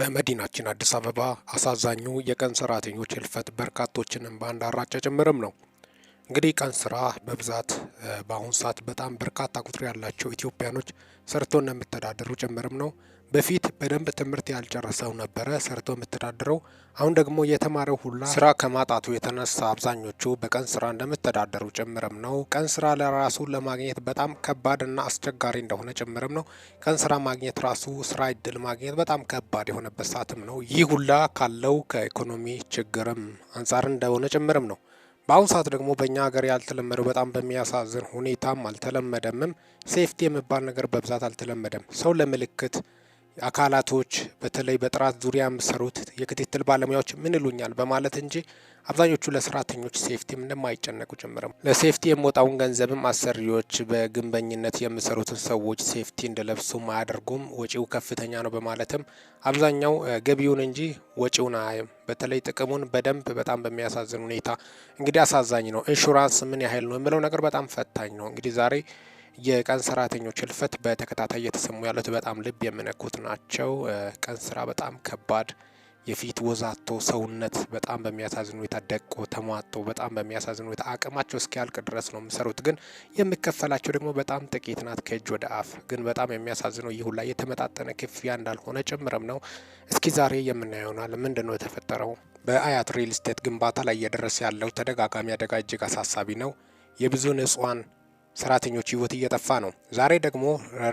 በመዲናችን አዲስ አበባ አሳዛኙ የቀን ሰራተኞች ህልፈት በርካቶችንም በአንድ አራጫ ጭምርም ነው። እንግዲህ ቀን ስራ በብዛት በአሁኑ ሰዓት በጣም በርካታ ቁጥር ያላቸው ኢትዮጵያኖች ሰርቶ እንደምተዳደሩ ጭምርም ነው። በፊት በደንብ ትምህርት ያልጨረሰው ነበረ ሰርቶ የምተዳደረው አሁን ደግሞ የተማረው ሁላ ስራ ከማጣቱ የተነሳ አብዛኞቹ በቀን ስራ እንደምተዳደሩ ጭምርም ነው። ቀን ስራ ለራሱ ለማግኘት በጣም ከባድና አስቸጋሪ እንደሆነ ጭምርም ነው። ቀን ስራ ማግኘት ራሱ ስራ እድል ማግኘት በጣም ከባድ የሆነበት ሰዓትም ነው። ይህ ሁላ ካለው ከኢኮኖሚ ችግርም አንጻር እንደሆነ ጭምርም ነው። በአሁኑ ሰዓት ደግሞ በእኛ ሀገር ያልተለመደው በጣም በሚያሳዝን ሁኔታም አልተለመደምም። ሴፍቲ የሚባል ነገር በብዛት አልተለመደም። ሰው ለምልክት አካላቶች በተለይ በጥራት ዙሪያ የሚሰሩት የክትትል ባለሙያዎች ምን ይሉኛል በማለት እንጂ አብዛኞቹ ለሰራተኞች ሴፍቲም እንደማይጨነቁ ጭምርም ለሴፍቲ የሚወጣውን ገንዘብም አሰሪዎች በግንበኝነት የሚሰሩትን ሰዎች ሴፍቲ እንደለብሱ አያደርጉም፣ ወጪው ከፍተኛ ነው በማለትም አብዛኛው ገቢውን እንጂ ወጪውን አያይም። በተለይ ጥቅሙን በደንብ በጣም በሚያሳዝን ሁኔታ እንግዲህ አሳዛኝ ነው። ኢንሹራንስ ምን ያህል ነው የሚለው ነገር በጣም ፈታኝ ነው። እንግዲህ ዛሬ የቀን ሰራተኞች ህልፈት በተከታታይ እየተሰሙ ያሉት በጣም ልብ የሚነኩት ናቸው። ቀን ስራ በጣም ከባድ የፊት ወዛቶ ሰውነት በጣም በሚያሳዝን ሁኔታ ደቆ ተሟጦ በጣም በሚያሳዝን ሁኔታ አቅማቸው እስኪያልቅ ድረስ ነው የምሰሩት፣ ግን የምከፈላቸው ደግሞ በጣም ጥቂት ናት፣ ከእጅ ወደ አፍ። ግን በጣም የሚያሳዝነው ይህ ሁላ የተመጣጠነ ክፍያ እንዳልሆነ ጭምርም ነው። እስኪ ዛሬ የምናየውናል ምንድን ነው የተፈጠረው? በአያት ሪል ስቴት ግንባታ ላይ እየደረሰ ያለው ተደጋጋሚ አደጋ እጅግ አሳሳቢ ነው። የብዙ ንጹሃን ሰራተኞች ህይወት እየጠፋ ነው። ዛሬ ደግሞ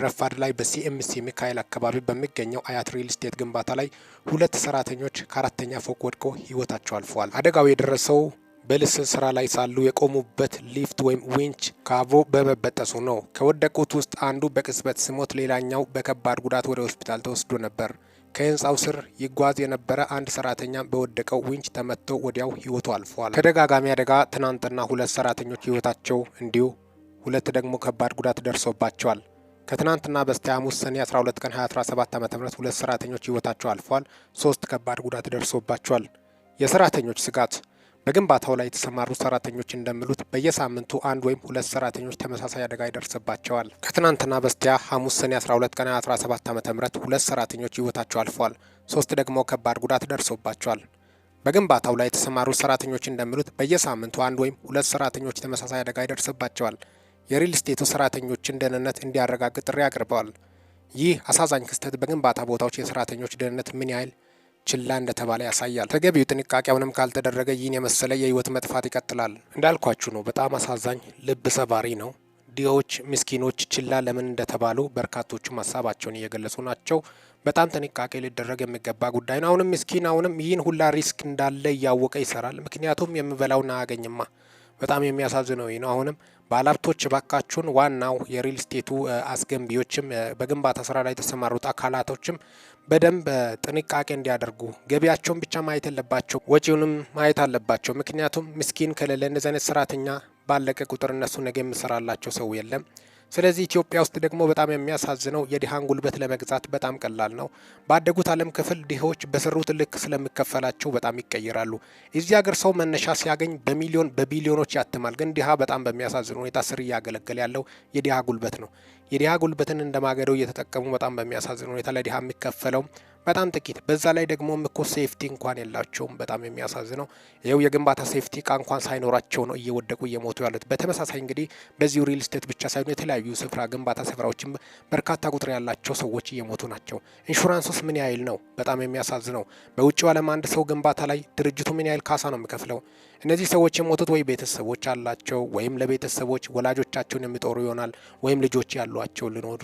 ረፋድ ላይ በሲኤምሲ ሚካኤል አካባቢ በሚገኘው አያት ሪል ስቴት ግንባታ ላይ ሁለት ሰራተኞች ከአራተኛ ፎቅ ወድቆ ህይወታቸው አልፈዋል። አደጋው የደረሰው በልስን ስራ ላይ ሳሉ የቆሙበት ሊፍት ወይም ዊንች ካቮ በመበጠሱ ነው። ከወደቁት ውስጥ አንዱ በቅጽበት ሲሞት፣ ሌላኛው በከባድ ጉዳት ወደ ሆስፒታል ተወስዶ ነበር። ከህንፃው ስር ይጓዝ የነበረ አንድ ሰራተኛ በወደቀው ዊንች ተመትቶ ወዲያው ህይወቱ አልፏል። ተደጋጋሚ አደጋ ትናንትና ሁለት ሰራተኞች ህይወታቸው እንዲሁ ሁለት ደግሞ ከባድ ጉዳት ደርሶባቸዋል። ከትናንትና በስቲያ ሐሙስ ሰኔ 12 ቀን 2017 ዓ.ም ሁለት ሰራተኞች ህይወታቸው አልፏል። ሶስት ከባድ ጉዳት ደርሶባቸዋል። የሰራተኞች ስጋት በግንባታው ላይ የተሰማሩ ሰራተኞች እንደሚሉት በየሳምንቱ አንድ ወይም ሁለት ሰራተኞች ተመሳሳይ አደጋ ይደርስባቸዋል። ከትናንትና በስቲያ ሐሙስ ሰኔ 12 ቀን 2017 ዓ.ም ሁለት ሰራተኞች ህይወታቸው አልፏል። ሶስት ደግሞ ከባድ ጉዳት ደርሶባቸዋል። በግንባታው ላይ የተሰማሩ ሰራተኞች እንደሚሉት በየሳምንቱ አንድ ወይም ሁለት ሰራተኞች ተመሳሳይ አደጋ ይደርስባቸዋል። የሪል ስቴቱ ሰራተኞችን ደህንነት እንዲያረጋግጥ ጥሪ አቅርበዋል። ይህ አሳዛኝ ክስተት በግንባታ ቦታዎች የሰራተኞች ደህንነት ምን ያህል ችላ እንደተባለ ያሳያል። ተገቢው ጥንቃቄ አሁንም ካልተደረገ ይህን የመሰለ የህይወት መጥፋት ይቀጥላል። እንዳልኳችሁ ነው፣ በጣም አሳዛኝ፣ ልብ ሰባሪ ነው። ድሆች፣ ምስኪኖች ችላ ለምን እንደተባሉ በርካቶቹም ሀሳባቸውን እየገለጹ ናቸው። በጣም ጥንቃቄ ሊደረግ የሚገባ ጉዳይ ነው። አሁንም ምስኪን አሁንም ይህን ሁላ ሪስክ እንዳለ እያወቀ ይሰራል። ምክንያቱም የሚበላውን አያገኝማ። በጣም የሚያሳዝነው ነው። አሁንም ባለሀብቶች ባካችሁን፣ ዋናው የሪል ስቴቱ አስገንቢዎችም በግንባታ ስራ ላይ የተሰማሩት አካላቶችም በደንብ ጥንቃቄ እንዲያደርጉ ገቢያቸውን ብቻ ማየት የለባቸው፣ ወጪውንም ማየት አለባቸው። ምክንያቱም ምስኪን ከሌለ እንደዚህ አይነት ሰራተኛ ባለቀ ቁጥር እነሱ ነገ የምሰራላቸው ሰው የለም። ስለዚህ ኢትዮጵያ ውስጥ ደግሞ በጣም የሚያሳዝነው የድሃን ጉልበት ለመግዛት በጣም ቀላል ነው። ባደጉት ዓለም ክፍል ድሆች በሰሩት ልክ ስለሚከፈላቸው በጣም ይቀይራሉ። እዚህ ሀገር ሰው መነሻ ሲያገኝ በሚሊዮን በቢሊዮኖች ያትማል። ግን ድሃ በጣም በሚያሳዝን ሁኔታ ስር እያገለገለ ያለው የድሃ ጉልበት ነው። የድሃ ጉልበትን እንደማገደው እየተጠቀሙ በጣም በሚያሳዝን ሁኔታ ለድሃ የሚከፈለው በጣም ጥቂት። በዛ ላይ ደግሞ እኮ ሴፍቲ እንኳን የላቸውም። በጣም የሚያሳዝነው ይኸው የግንባታ ሴፍቲ እቃ እንኳን ሳይኖራቸው ነው እየወደቁ እየሞቱ ያሉት። በተመሳሳይ እንግዲህ በዚሁ ሪል ስቴት ብቻ ሳይሆን የተለያዩ ስፍራ ግንባታ ስፍራዎችም በርካታ ቁጥር ያላቸው ሰዎች እየሞቱ ናቸው። ኢንሹራንሱስ ምን ያህል ነው? በጣም የሚያሳዝነው በውጭው ዓለም አንድ ሰው ግንባታ ላይ ድርጅቱ ምን ያህል ካሳ ነው የሚከፍለው? እነዚህ ሰዎች የሞቱት ወይ ቤተሰቦች አላቸው ወይም ለቤተሰቦች ወላጆቻቸውን የሚጦሩ ይሆናል ወይም ልጆች ያሏቸው ሊኖሩ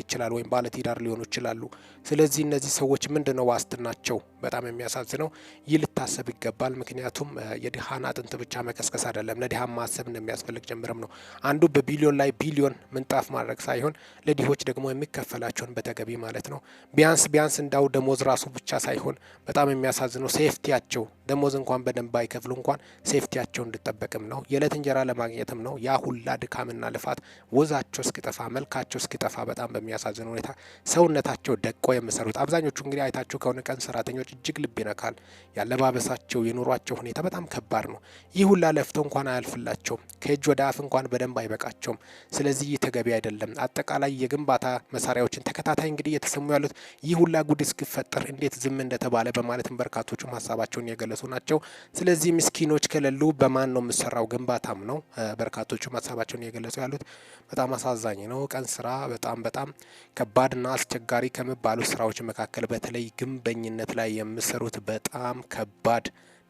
ይችላል ወይም ባለትዳር ሊሆኑ ይችላሉ። ስለዚህ እነዚህ ሰዎች ምንድን ነው ዋስትናቸው? በጣም የሚያሳዝነው ይህ ልታሰብ ይገባል። ምክንያቱም የድሃን አጥንት ብቻ መቀስቀስ አይደለም፣ ለድሃ ማሰብ እንደሚያስፈልግ ጀምረም ነው። አንዱ በቢሊዮን ላይ ቢሊዮን ምንጣፍ ማድረግ ሳይሆን ለድሆች ደግሞ የሚከፈላቸውን በተገቢ ማለት ነው ቢያንስ ቢያንስ እንዳው ደሞዝ ራሱ ብቻ ሳይሆን በጣም የሚያሳዝነው ሴፍቲያቸው ደሞዝ እንኳን በደንብ አይከፍሉ እንኳን ሴፍቲያቸው እንድጠበቅም ነው፣ የዕለት እንጀራ ለማግኘትም ነው። ያ ሁላ ድካምና ልፋት ወዛቸው እስኪጠፋ መልካቸው እስኪጠፋ በጣም በሚያሳዝን ሁኔታ ሰውነታቸው ደቆ የምሰሩት አብዛኞቹ እንግዲህ አይታችሁ ከሆነ ቀን ሰራተኞች እጅግ ልብ ይነካል። ያለባበሳቸው የኑሯቸው ሁኔታ በጣም ከባድ ነው። ይህ ሁላ ለፍተው እንኳን አያልፍላቸውም። ከእጅ ወደ አፍ እንኳን በደንብ አይበቃቸውም። ስለዚህ ይህ ተገቢ አይደለም። አጠቃላይ የግንባታ መሳሪያዎችን ተከታታይ እንግዲህ እየተሰሙ ያሉት ይህ ሁላ ጉድ እስኪፈጠር እንዴት ዝም እንደተባለ በማለትም በርካቶቹም ሀሳባቸውን የገለጹ ናቸው። ስለዚህ ምስኪኖች ክልሉ በማን ነው የምሰራው ግንባታም ነው። በርካቶቹም ሀሳባቸውን እየገለጹ ያሉት በጣም አሳዛኝ ነው። ቀን ስራ በጣም በጣም ከባድና አስቸጋሪ ከሚባሉ ስራዎች መካከል በተለይ ግንበኝነት ላይ የምሰሩት በጣም ከባድ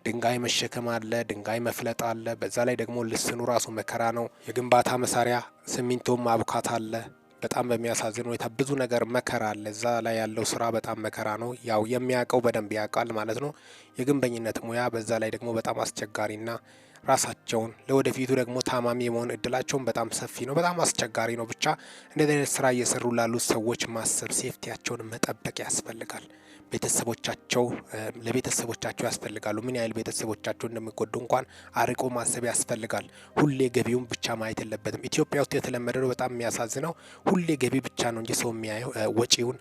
ድንጋይ መሸከም አለ፣ ድንጋይ መፍለጥ አለ። በዛ ላይ ደግሞ ልስኑ ራሱ መከራ ነው። የግንባታ መሳሪያ ሲሚንቶ ማቡካት አለ። በጣም በሚያሳዝን ሁኔታ ብዙ ነገር መከራ አለ። እዛ ላይ ያለው ስራ በጣም መከራ ነው። ያው የሚያውቀው በደንብ ያውቃል ማለት ነው። የግንበኝነት ሙያ በዛ ላይ ደግሞ በጣም አስቸጋሪና ራሳቸውን ለወደፊቱ ደግሞ ታማሚ የመሆን እድላቸውን በጣም ሰፊ ነው። በጣም አስቸጋሪ ነው። ብቻ እንደዚህ አይነት ስራ እየሰሩ ላሉት ሰዎች ማሰብ፣ ሴፍቲያቸውን መጠበቅ ያስፈልጋል። ቤተሰቦቻቸው ለቤተሰቦቻቸው ያስፈልጋሉ። ምን ያህል ቤተሰቦቻቸው እንደሚጎዱ እንኳን አርቆ ማሰብ ያስፈልጋል። ሁሌ ገቢውን ብቻ ማየት የለበትም። ኢትዮጵያ ውስጥ የተለመደው በጣም የሚያሳዝነው ሁሌ ገቢ ብቻ ነው እንጂ ሰው የሚያየው ወጪውን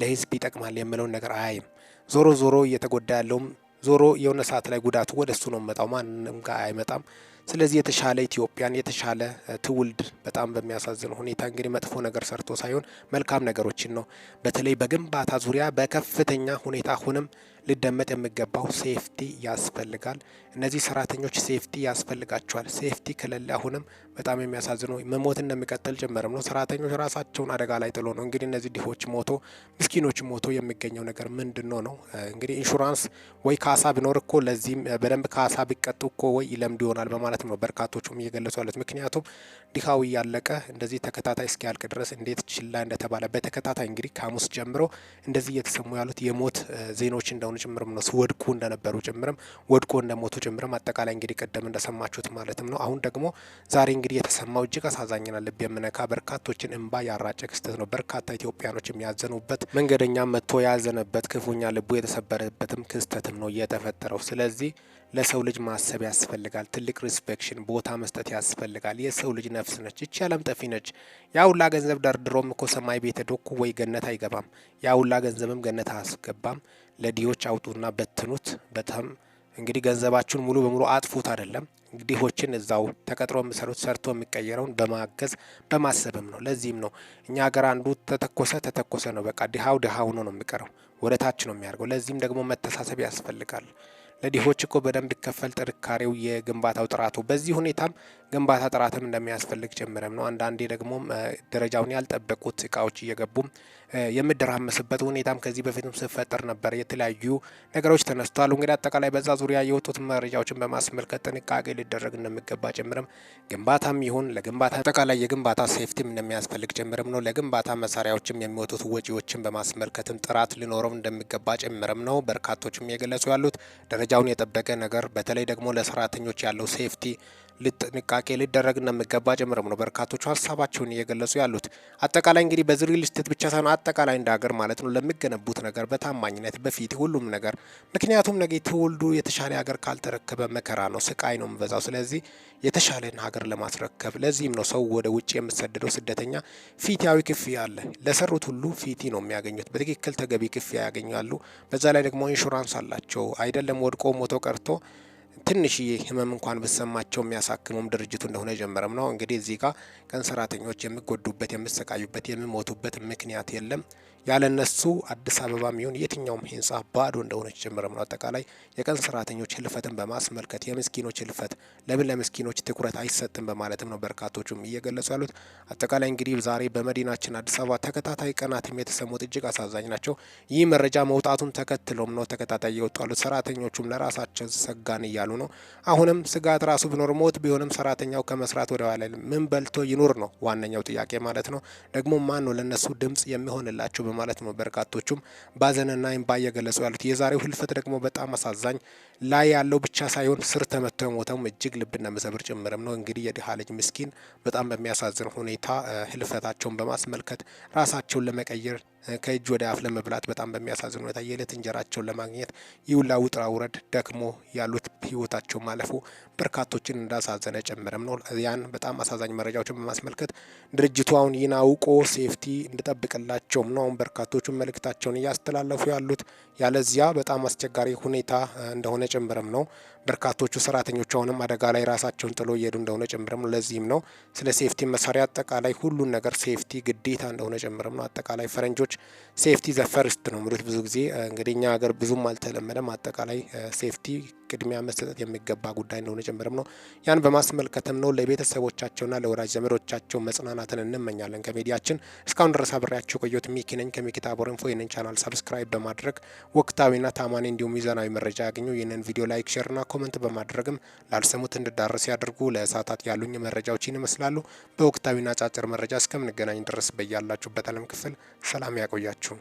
ለህዝብ ይጠቅማል የምለውን ነገር አያይም። ዞሮ ዞሮ እየተጎዳ ያለውም ዞሮ የሆነ ሰዓት ላይ ጉዳቱ ወደ እሱ ነው መጣው፣ ማንም ጋር አይመጣም። ስለዚህ የተሻለ ኢትዮጵያን የተሻለ ትውልድ በጣም በሚያሳዝን ሁኔታ እንግዲህ መጥፎ ነገር ሰርቶ ሳይሆን መልካም ነገሮችን ነው በተለይ በግንባታ ዙሪያ በከፍተኛ ሁኔታ አሁንም ልደመጥ የሚገባው ሴፍቲ ያስፈልጋል። እነዚህ ሰራተኞች ሴፍቲ ያስፈልጋቸዋል። ሴፍቲ ከሌለ አሁንም በጣም የሚያሳዝኑ መሞት እንደሚቀጥል ጭምርም ነው። ሰራተኞች ራሳቸውን አደጋ ላይ ጥሎ ነው እንግዲህ እነዚህ ድሆች ሞቶ ምስኪኖች ሞቶ የሚገኘው ነገር ምንድነው ነው? እንግዲህ ኢንሹራንስ ወይ ካሳ ቢኖር እኮ ለዚህም በደንብ ካሳ ቢቀጡ እኮ ወይ ይለምድ ይሆናል በማለት ነው በርካቶቹም እየገለጹ ያሉት። ምክንያቱም ድሃው እያለቀ እንደዚህ ተከታታይ እስኪያልቅ ድረስ እንዴት ችላ እንደተባለ በተከታታይ እንግዲህ ከሐሙስ ጀምሮ እንደዚህ እየተሰሙ ያሉት የሞት ዜናዎች እንደሆነ መሆኑን ጭምርም ነው ወድቁ እንደነበሩ ጭምርም ወድቁ እንደሞቱ ጭምርም አጠቃላይ እንግዲህ ቀደም እንደሰማችሁት ማለትም ነው። አሁን ደግሞ ዛሬ እንግዲህ የተሰማው እጅግ አሳዛኝና ልብ የምነካ በርካቶችን እንባ ያራጨ ክስተት ነው። በርካታ ኢትዮጵያኖች የሚያዘኑበት መንገደኛ መጥቶ ያዘነበት ክፉኛ ልቡ የተሰበረበትም ክስተትም ነው የተፈጠረው። ስለዚህ ለሰው ልጅ ማሰብ ያስፈልጋል። ትልቅ ሪስፔክሽን ቦታ መስጠት ያስፈልጋል። የሰው ልጅ ነፍስ ነች። ይቺ ዓለም ጠፊ ነች። ያ ገንዘብ ደርድሮም እኮ ሰማይ ቤተ ዶኩ ወይ ገነት አይገባም። ያ ገንዘብም ገነት አያስገባም። ለዲዎች አውጡና በትኑት። በጣም እንግዲህ ገንዘባችሁን ሙሉ በሙሉ አጥፉት አይደለም ዲሆችን እዛው ተቀጥሮ የሚሰሩት ሰርቶ የሚቀየረውን በማገዝ በማሰብም ነው። ለዚህም ነው እኛ ሀገር አንዱ ተተኮሰ ተተኮሰ ነው በቃ ድሃው ድሃ ሆኖ ነው የሚቀረው፣ ወደ ታች ነው የሚያደርገው። ለዚህም ደግሞ መተሳሰብ ያስፈልጋል። ለዲሆች እኮ በደንብ ይከፈል ጥንካሬው የግንባታው ጥራቱ። በዚህ ሁኔታም ግንባታ ጥራትም እንደሚያስፈልግ ጭምርም ነው። አንዳንዴ ደግሞ ደረጃውን ያልጠበቁት እቃዎች እየገቡም የምደራመስበት ሁኔታም ከዚህ በፊትም ስፈጠር ነበር። የተለያዩ ነገሮች ተነስተዋል። እንግዲህ አጠቃላይ በዛ ዙሪያ የወጡት መረጃዎችን በማስመልከት ጥንቃቄ ሊደረግ እንደሚገባ ጀምረም ግንባታም ይሁን ለግንባታ አጠቃላይ የግንባታ ሴፍቲም እንደሚያስፈልግ ጀምረም ነው። ለግንባታ መሳሪያዎችም የሚወጡት ወጪዎችን በማስመልከትም ጥራት ሊኖረው እንደሚገባ ጭምርም ነው። በርካቶችም የገለጹ ያሉት ደረጃውን የጠበቀ ነገር በተለይ ደግሞ ለሰራተኞች ያለው ሴፍቲ ጥንቃቄ ሊደረግ እንደሚገባ ጭምርም ነው በርካቶቹ ሀሳባቸውን እየገለጹ ያሉት። አጠቃላይ እንግዲህ በዚህ ሪል ስቴት ብቻ ሳይሆን አጠቃላይ እንደ ሀገር ማለት ነው ለሚገነቡት ነገር በታማኝነት በፊት ሁሉም ነገር ምክንያቱም ነገ ትውልዱ የተሻለ ሀገር ካልተረከበ መከራ ነው፣ ስቃይ ነው የሚበዛው። ስለዚህ የተሻለን ሀገር ለማስረከብ ለዚህም ነው ሰው ወደ ውጭ የምሰደደው ስደተኛ ፊትያዊ ክፍያ አለ። ለሰሩት ሁሉ ፊቲ ነው የሚያገኙት። በትክክል ተገቢ ክፍያ ያገኛሉ። በዛ ላይ ደግሞ ኢንሹራንስ አላቸው። አይደለም ወድቆ ሞቶ ቀርቶ ትንሽዬ ህመም እንኳን ብሰማቸው የሚያሳክሙም ድርጅቱ እንደሆነ ጀመረም ነው። እንግዲህ እዚህ ጋር ቀን ሰራተኞች የሚጎዱበት፣ የሚሰቃዩበት፣ የሚሞቱበት ምክንያት የለም። ያለ እነሱ አዲስ አበባ ይሁን የትኛውም ህንጻ ባዶ እንደሆነች ጀምረም ነው። አጠቃላይ የቀን ሰራተኞች ህልፈትን በማስመልከት የምስኪኖች ህልፈት ለምን ለምስኪኖች ትኩረት አይሰጥም በማለትም ነው በርካቶቹም እየገለጹ ያሉት። አጠቃላይ እንግዲህ ዛሬ በመዲናችን አዲስ አበባ ተከታታይ ቀናትም የተሰሙት እጅግ አሳዛኝ ናቸው። ይህ መረጃ መውጣቱን ተከትሎም ነው ተከታታይ እየወጡ ያሉት። ሰራተኞቹም ለራሳቸው ሰጋን እያሉ ነው። አሁንም ስጋት ራሱ ቢኖር ሞት ቢሆንም ሰራተኛው ከመስራት ወደ ኋላ ምን በልቶ ይኑር ነው ዋነኛው ጥያቄ ማለት ነው። ደግሞ ማን ነው ለእነሱ ድምጽ የሚሆንላቸው ማለት ነው። በርካቶቹም ባዘንና እምባ እየገለጹ ያሉት የዛሬው ህልፈት ደግሞ በጣም አሳዛኝ ላይ ያለው ብቻ ሳይሆን ስር ተመቶ የሞተውም እጅግ ልብና መሰብር ጭምርም ነው። እንግዲህ የድሃ ልጅ ምስኪን በጣም በሚያሳዝን ሁኔታ ህልፈታቸውን በማስመልከት ራሳቸውን ለመቀየር ከእጅ ወደ አፍ ለመብላት በጣም በሚያሳዝን ሁኔታ የዕለት እንጀራቸውን ለማግኘት ይውላ ውጥራ ውረድ ደክሞ ያሉት ህይወታቸው ማለፉ በርካቶችን እንዳሳዘነ ጨምረም ነው። ያን በጣም አሳዛኝ መረጃዎችን በማስመልከት ድርጅቱ አሁን ይህን አውቆ ሴፍቲ እንድጠብቅላቸውም ነው አሁን በርካቶቹ መልእክታቸውን እያስተላለፉ ያሉት። ያለዚያ በጣም አስቸጋሪ ሁኔታ እንደሆነ ጨምረም ነው። በርካቶቹ ሰራተኞች አሁንም አደጋ ላይ ራሳቸውን ጥሎ እየሄዱ እንደሆነ ጭምርም ለዚህም ነው ስለ ሴፍቲ መሳሪያ አጠቃላይ ሁሉን ነገር ሴፍቲ ግዴታ እንደሆነ ጭምርም ነው። አጠቃላይ ፈረንጆች ሴፍቲ ዘፈርስት ነው የሚሉት ብዙ ጊዜ እንግዲህ እኛ ሀገር ብዙም አልተለመደም። አጠቃላይ ሴፍቲ ቅድሚያ መሰጠት የሚገባ ጉዳይ እንደሆነ ጭምርም ነው። ያን በማስመልከትም ነው ለቤተሰቦቻቸውና ለወዳጅ ዘመዶቻቸው መጽናናትን እንመኛለን። ከሚዲያችን እስካሁን ድረስ አብሬያቸው ቆየሁት። ሚኪ ነኝ ከሚኪታ ቦረንፎ። ይህንን ቻናል ሰብስክራይብ በማድረግ ወቅታዊና ታማኒ እንዲሁም ሚዛናዊ መረጃ ያገኙ። ይህንን ቪዲዮ ላይክ፣ ሼርና ኮመንት በማድረግም ላልሰሙት እንድዳረስ ያድርጉ። ለእሳታት ያሉኝ መረጃዎችን ይመስላሉ። በወቅታዊና አጫጭር መረጃ እስከምንገናኝ ድረስ በያላችሁበት አለም ክፍል ሰላም ያቆያችሁ።